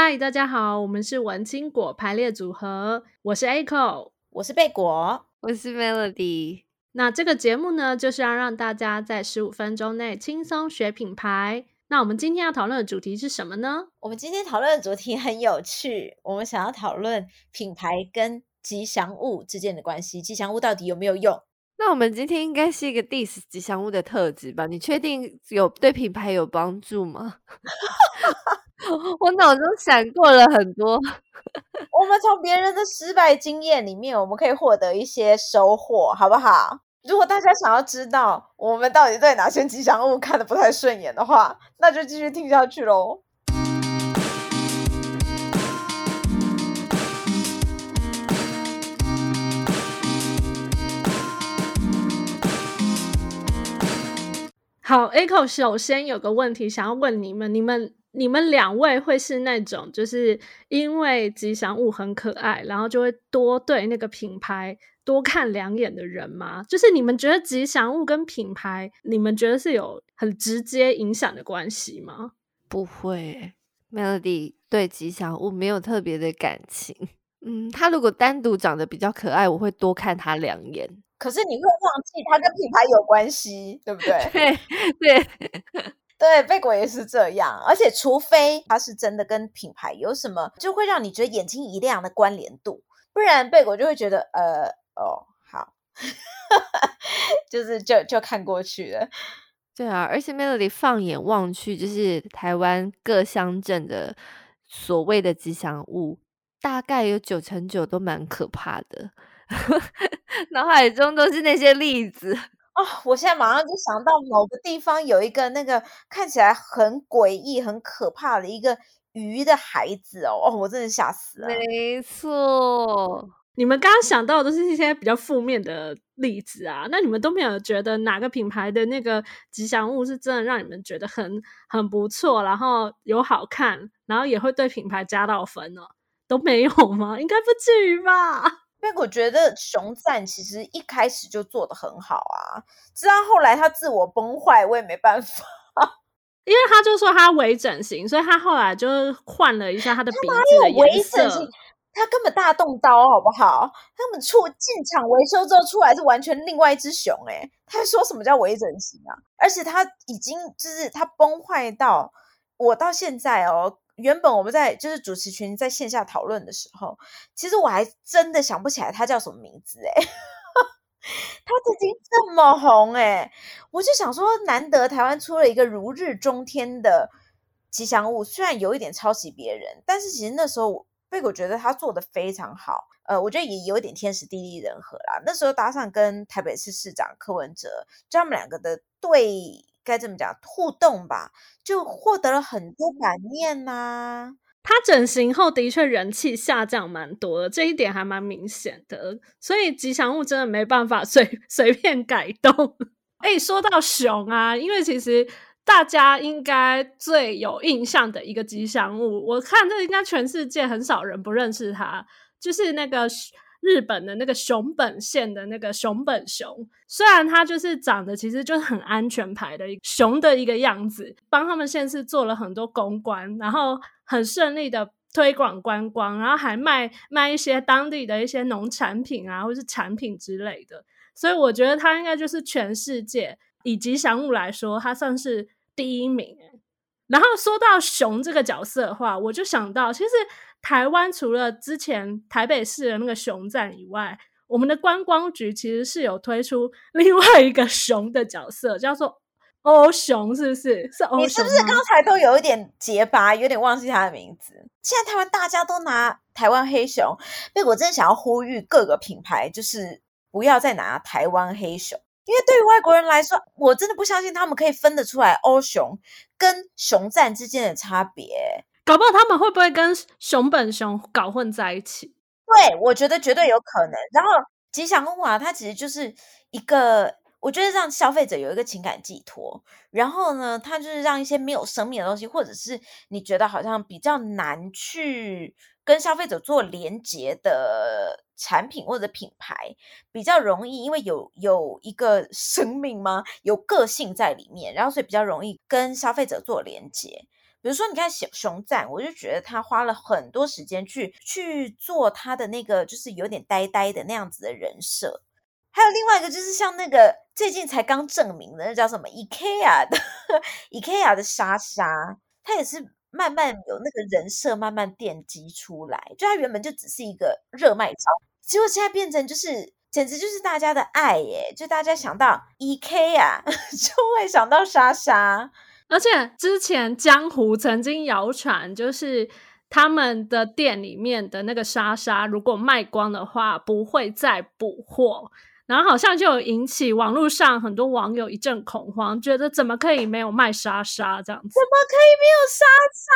嗨，大家好，我們是文青果排列組合，我是 Echo，我是貝果，我是 Melody。那這個節目呢，就是要讓大家在十五分鐘內輕鬆學品牌。那我們今天要討論的主題是什麼呢？我們今天討論的主題很有趣，我們想要討論品牌跟吉祥物之間的關係，吉祥物到底有沒有用？那我們今天應該是一個第十吉祥物的特輯吧？你確定有對品牌有幫助嗎？ 我腦中閃過了很多， 我們從別人的失敗經驗裡面，我們可以獲得一些收穫，好不好？如果大家想要知道我們到底對哪些吉祥物看得不太順眼的話，那就繼續聽下去嘍。好，Echo，首先有個問題，想要問你們，你們。你們兩位會是那種，就是因為吉祥物很可愛，然後就會多對那個品牌多看兩眼的人嗎？就是你們覺得吉祥物跟品牌，你們覺得是有很直接影響的關係嗎？不會，Melody 對吉祥物沒有特別的感情。嗯，他如果單獨長得比較可愛，我會多看他兩眼。可是你會忘記他跟品牌有關係，對不對？對 對。對 對，貝果也是這樣，而且除非它是真的跟品牌有什麼，就會讓你覺得眼睛一亮的關聯度，不然貝果就會覺得呃，哦，好， 就是就就看過去了。對啊，而且 Melody 放眼望去，就是台灣各鄉鎮的所謂的吉祥物，大概有九成九都蠻可怕的， 腦海中都是那些例子。哦，我現在馬上就想到某個地方有一個那個看起來很詭異、很可怕的一個魚的孩子哦，哦，我真的嚇死了。沒錯，你們剛剛想到的都是一些比較負面的例子啊。那你們都沒有覺得哪個品牌的那個吉祥物是真的讓你們覺得很很不錯，然後有好看，然後也會對品牌加到分了啊？都沒有嗎？應該不至於吧？因為我覺得熊讚其實一開始就做得很好啊，直到後來他自我崩壞，我也沒辦法。 因為他就說他微整形，所以他後來就換了一下他的鼻子的顏色，他有微整形。他根本大動刀，好不好？他們出進場維修之後出來是完全另外一隻熊，欸，誒他說什麼叫微整形啊？而且他已經就是他崩壞到我到現在哦。原本我們在就是主持群在線下討論的時候，其實我還真的想不起來他叫什麼名字哎，他最近這麼紅哎，我就想說難得台灣出了一個如日中天的吉祥物，雖然有一點抄襲別人，但是其實那時候貝果覺得他做的非常好，呃，我覺得也有一點天時地利人和啦。那時候搭上跟台北市市長柯文哲，就他們兩個的對。該這麼講，互動吧，就獲得了很多感念吶、啊。他整形後的確人氣下降蠻多的，這一點還蠻明顯的。所以吉祥物真的沒辦法隨隨便改動。哎、 欸，說到熊啊，因為其實大家應該最有印象的一個吉祥物，我看這應該全世界很少人不認識它，就是那個。日本的那個熊本縣的那個熊本熊，雖然它就是長得，其實就是很安全牌的熊的一個樣子，幫他們縣市做了很多公關，然後很順利的推廣觀光，然後還賣賣一些當地的一些農產品啊，或是產品之類的。所以我覺得它應該就是全世界以吉祥物來說，它算是第一名。然後說到熊這個角色的話，我就想到，其實台灣除了之前台北市的那個熊讚以外，我們的觀光局其實是有推出另外一個熊的角色，叫做喔熊，是不是？是喔熊？你是不是剛才都有一點結巴，有點忘記它的名字？現在台灣大家都拿台灣黑熊，所以我真的想要呼籲各個品牌，就是不要再拿台灣黑熊。因為對於外國人來說，我真的不相信他們可以分得出來歐熊跟熊讚之間的差別，搞不好他們會不會跟熊本熊搞混在一起？對，我覺得絕對有可能。然後吉祥物啊，它其實就是一個。我覺得讓消費者有一個情感寄托，然後呢，它就是讓一些沒有生命的東西，或者是你覺得好像比較難去跟消費者做連結的產品或者品牌，比較容易，因為有有一個生命嗎？有個性在裡面，然後所以比較容易跟消費者做連結。比如說，你看小熊讚，我就覺得他花了很多時間去去做他的那個，就是有點呆呆的那樣子的人設。還有另外一個就是像那個最近才剛證明的，那叫什麼 IKEA 的 IKEA 的莎莎，她也是慢慢有那個人設，慢慢奠基出來，就她原本就只是一個熱賣超，結果現在變成就是簡直就是大家的愛耶，就大家想到 IKEA 就會想到莎莎，而且之前江湖曾經謠傳就是他們的店裡面的那個莎莎如果賣光的話不會再補貨。然後好像就有引起網絡上很多網友一陣恐慌，覺得怎麼可以沒有賣莎莎這樣子？怎麼可以沒有莎莎？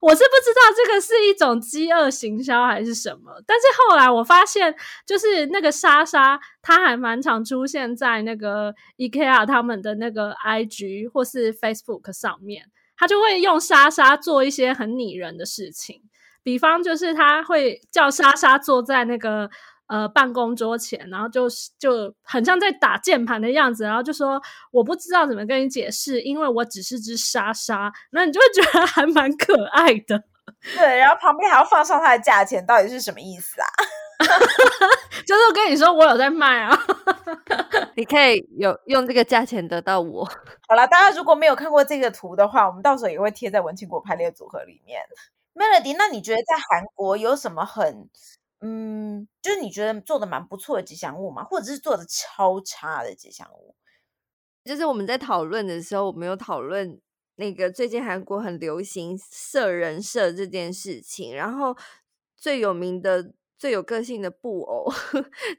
我是不知道這個是一種飢餓行銷還是什麼。但是後來我發現，就是那個莎莎，她還蠻常出現在那個 IKEA 他們的那個 IG 或是 Facebook 上面，她就會用莎莎做一些很擬人的事情，比方就是她會叫莎莎坐在那個。呃，辦公桌前，然後就就很像在打鍵盤的樣子，然後就說，我不知道怎麼跟你解釋，因為我只是隻沙沙，那你就會覺得還蠻可愛的。對，然後旁邊還要放上它的價錢，到底是什麼意思啊？ 就是我跟你說我有在賣啊。 你可以有用這個價錢得到我。好了，大家如果沒有看過這個圖的話，我們到時候也會貼在文青果排列組合裡面。Melody，那你覺得在韓國有什麼很？嗯，就是你覺得做的蠻不錯的吉祥物嘛，或者是做的超差的吉祥物？就是我們在討論的時候，我們有討論那個最近韓國很流行設人設這件事情，然後最有名的、最有個性的布偶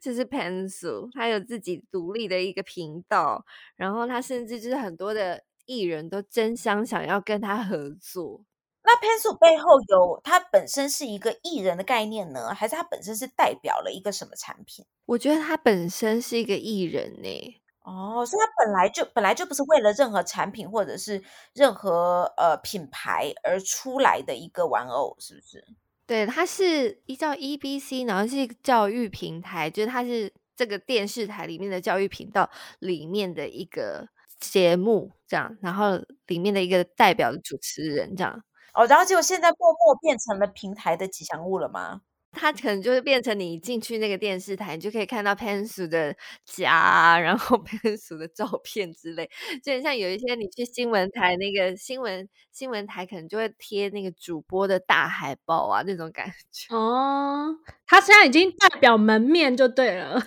就是 Pencil，他有自己獨立的一個頻道，然後他甚至就是很多的藝人都爭相想要跟他合作。那 pencil 背後有它本身是一個藝人的概念呢，還是它本身是代表了一個什麼產品？我覺得它本身是一個藝人呢、欸。哦，所以它本來就本來就不是為了任何產品或者是任何呃品牌而出來的一個玩偶，是不是？對，它是依照 EBC，然後是一個教育平台，就是它是這個電視台裡面的教育頻道裡面的一個節目，這樣，然後裡面的一個代表的主持人這樣。哦，然後就現在默默變成了平台的吉祥物了嗎？它可能就是變成你一進去那個電視台，你就可以看到潘叔的家，然後潘叔的照片之類。就很像有一些你去新聞台那個新聞新聞台，可能就會貼那個主播的大海報啊，那種感覺。哦，它現在已經代表門面就對了，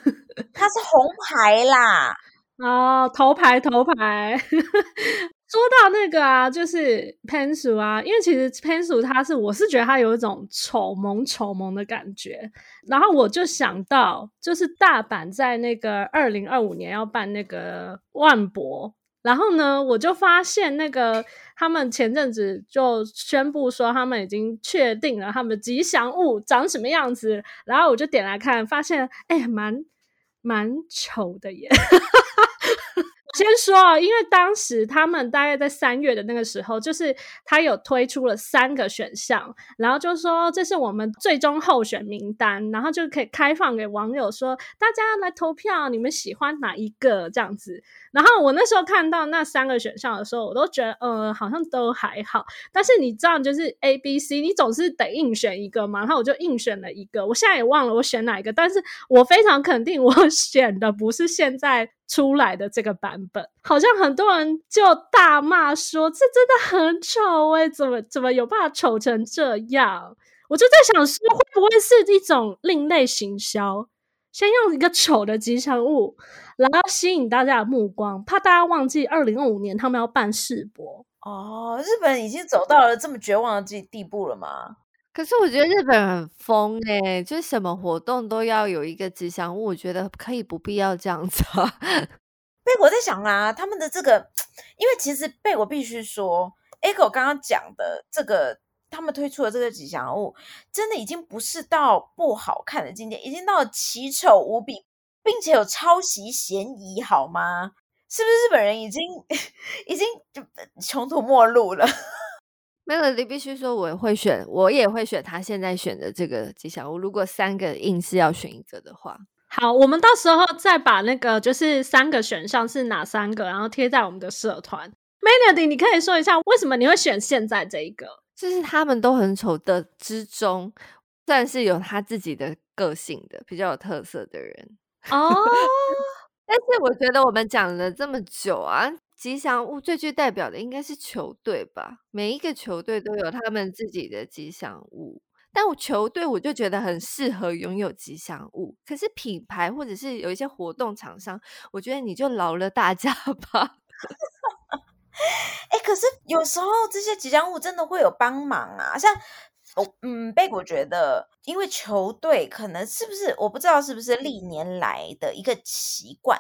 它是紅牌啦！哦，頭牌頭牌。說到那個啊，就是 Pensu 啊，因為其實 Pensu 它是，我是覺得它有一種醜萌醜萌的感覺。然後我就想到，就是大阪在那個二零二五年要辦那個萬博，然後呢，我就發現那個他們前陣子就宣布說他們已經確定了他們吉祥物長什麼樣子，然後我就點來看，發現哎，蠻蠻醜的耶。 先說啊，因為當時他們大概在三月的那個時候，就是他有推出了三個選項，然後就說這是我們最終候選名單，然後就可以開放給網友說，大家來投票，你們喜歡哪一個這樣子。然後我那時候看到那三個選項的時候，我都覺得呃好像都還好，但是你知道就是 A、B、C，你總是得硬選一個嘛，然後我就硬選了一個，我現在也忘了我選哪一個，但是我非常肯定我選的不是現在。出來的這個版本，好像很多人就大罵說，這真的很醜欸，怎麼怎麼有辦法醜成這樣？我就在想說，會不會是一種另類行銷，先用一個醜的吉祥物，然後吸引大家的目光，怕大家忘記二零二五年他們要辦世博哦。日本已經走到了這麼絕望的地地步了嗎？可是我覺得日本很瘋誒、欸、就什麼活動都要有一個吉祥物，我覺得可以不必要這樣子。貝果 我在想啊，他們的這個，因為其實貝果我必須說，Echo 剛剛講的這個，他們推出的這個吉祥物，真的已經不是到不好看的境界，已經到奇醜無比，並且有抄襲嫌疑，好嗎？是不是日本人已經已經窮途末路了？那個，你必須說，我會選，我也會選他現在選的這個吉祥物。我如果三個硬是要選一個的話，好，我們到時候再把那個就是三個選項是哪三個，然後貼在我們的社團。Melody，你可以說一下為什麼你會選現在這一個？就是他們都很醜的之中，算是有他自己的個性的，比較有特色的人哦。Oh. 但是我覺得我們講了這麼久啊。吉祥物最具代表的應該是球隊吧，每一個球隊都有他們自己的吉祥物。但我球隊我就覺得很適合擁有吉祥物，可是品牌或者是有一些活動廠商，我覺得你就饒了大家吧。哎 欸，可是有時候這些吉祥物真的會有幫忙啊，像我、哦、嗯，貝果覺得，因為球隊可能是不是我不知道是不是歷年來的一個習慣。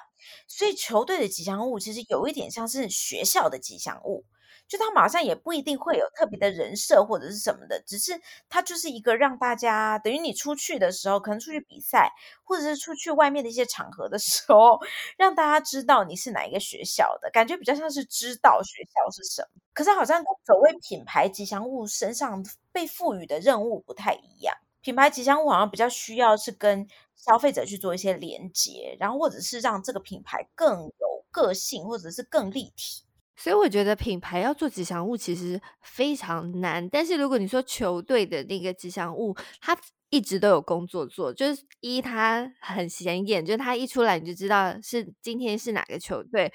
所以球隊的吉祥物其實有一點像是學校的吉祥物，就它好像也不一定會有特別的人設或者是什麼的，只是它就是一個讓大家等於你出去的時候，可能出去比賽或者是出去外面的一些場合的時候，讓大家知道你是哪一個學校的，感覺比較像是知道學校是什麼。可是好像所謂品牌吉祥物身上被賦予的任務不太一樣。品牌吉祥物好像比較需要是跟消費者去做一些連接，然後或者是讓這個品牌更有個性，或者是更立體。所以我覺得品牌要做吉祥物其實非常難，但是如果你說球隊的那個吉祥物，它一直都有工作做，就是一，它很顯眼，就是它一出來你就知道是今天是哪個球隊；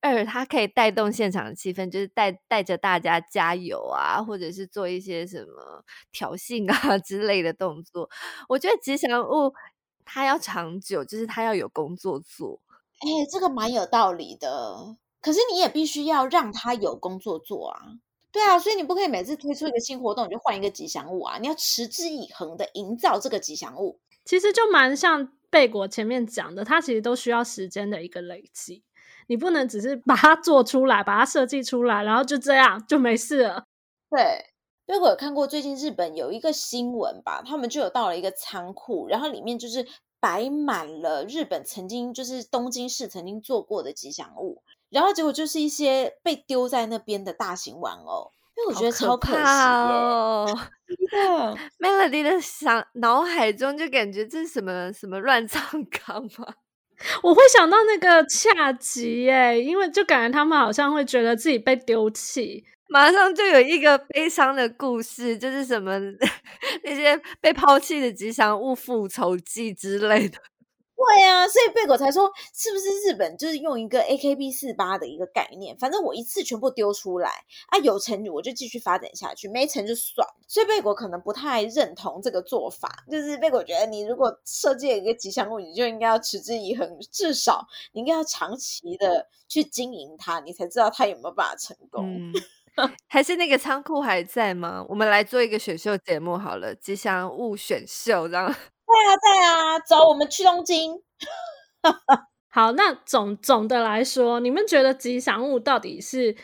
二，它可以帶動現場的氣氛，就是帶帶着大家加油啊，或者是做一些什麼挑釁啊之類的動作。我覺得吉祥物它要長久，就是它要有工作做。哎、欸，這個蠻有道理的。可是你也必須要讓他有工作做啊，對啊，所以你不可以每次推出一個新活動你就換一個吉祥物啊，你要持之以恆的營造這個吉祥物。其實就蠻像貝果前面講的，它其實都需要時間的一個累積，你不能只是把它做出來，把它設計出來，然後就這樣就沒事了。對，貝果有看過最近日本有一個新聞吧，他們就有到了一個倉庫，然後裡面就是擺滿了日本曾經就是東京市曾經做過的吉祥物。然後結果就是一些被丟在那邊的大型玩偶，因為我覺得超可惜耶。哦 yeah. Melody 的想腦海中就感覺這是什麼什麼亂葬崗嗎？我會想到那個恰吉耶、欸，因為就感覺他們好像會覺得自己被丟棄，馬上就有一個悲傷的故事，就是什麼 那些被拋棄的吉祥物復仇記之類的。對啊，所以貝果才說，是不是日本就是用一個 AKB48 的一個概念？反正我一次全部丟出來啊，有成就我就繼續發展下去，沒成就算。所以貝果可能不太認同這個做法，就是貝果覺得你如果設計一個吉祥物，你就應該要持之以恆，至少你應該要長期的去經營它，你才知道它有沒有辦法成功。嗯，還是那個倉庫還在嗎？我們來做一個選秀節目好了，吉祥物選秀讓。對呀，啊，對啊，走，我們去東京。 好，那總總的來說，你們覺得吉祥物到底是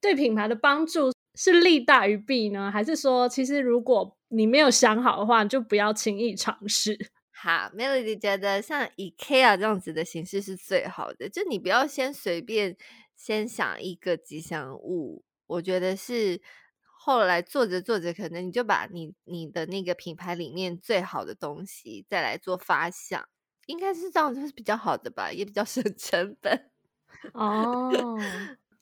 對品牌的幫助是利大於弊呢？還是說其實如果你沒有想好的話，就不要輕易嘗試？好，Melody 覺得像 IKEA 這樣子的形式是最好的，就你不要先隨便先想一個吉祥物，我覺得是。後來做着做着，可能你就把你你的那個品牌裡面最好的東西再來做發想，應該是這樣子是比較好的吧，也比較省成本。哦，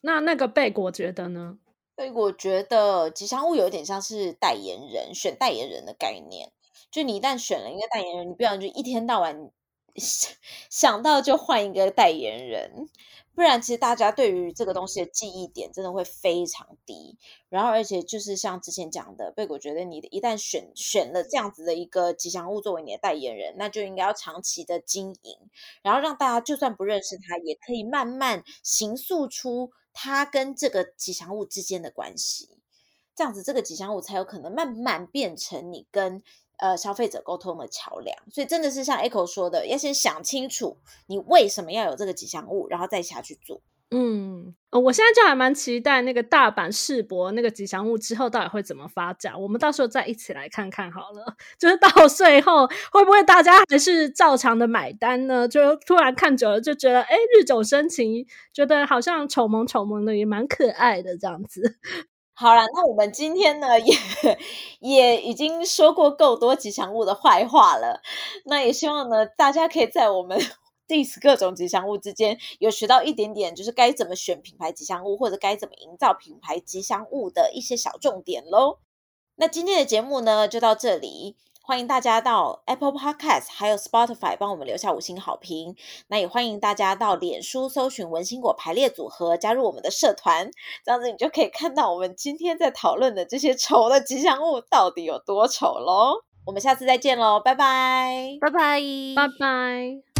那那個貝果覺得呢？貝果覺得吉祥物有點像是代言人，選代言人的概念，就你一旦選了一個代言人，你不要就一天到晚想到就換一個代言人。不然，其實大家對於這個東西的記憶點真的會非常低。然後，而且就是像之前講的，貝果覺得你一旦選選了這樣子的一個吉祥物作為你的代言人，那就應該要長期的經營，然後讓大家就算不認識他，也可以慢慢形塑出他跟這個吉祥物之間的關係。這樣子，這個吉祥物才有可能慢慢變成你跟。呃，消費者溝通的橋梁，所以真的是像 Echo 說的，要先想清楚你為什麼要有這個吉祥物，然後再下去做。嗯，我現在就還蠻期待那個大阪世博那個吉祥物之後到底會怎麼發展，我們到時候再一起來看看好了。就是到最後會不會大家還是照常的買單呢？就突然看久了就覺得，哎、欸，日久生情，覺得好像醜萌醜萌的也蠻可愛的這樣子。好了，那我們今天呢，也也已經說過夠多吉祥物的壞話了。那也希望呢，大家可以在我們 diss 各種吉祥物之間，有學到一點點，就是該怎麼選品牌吉祥物，或者該怎麼營造品牌吉祥物的一些小重點嘍。那今天的節目呢，就到這裡。歡迎大家到 Apple Podcast，還有 Spotify 幫我們留下五星好評。那也歡迎大家到臉書搜尋“文青果排列組合”，加入我們的社團，這樣子你就可以看到我們今天在討論的這些醜的吉祥物到底有多醜嘍。我們下次再見嘍，拜拜，拜拜，拜拜。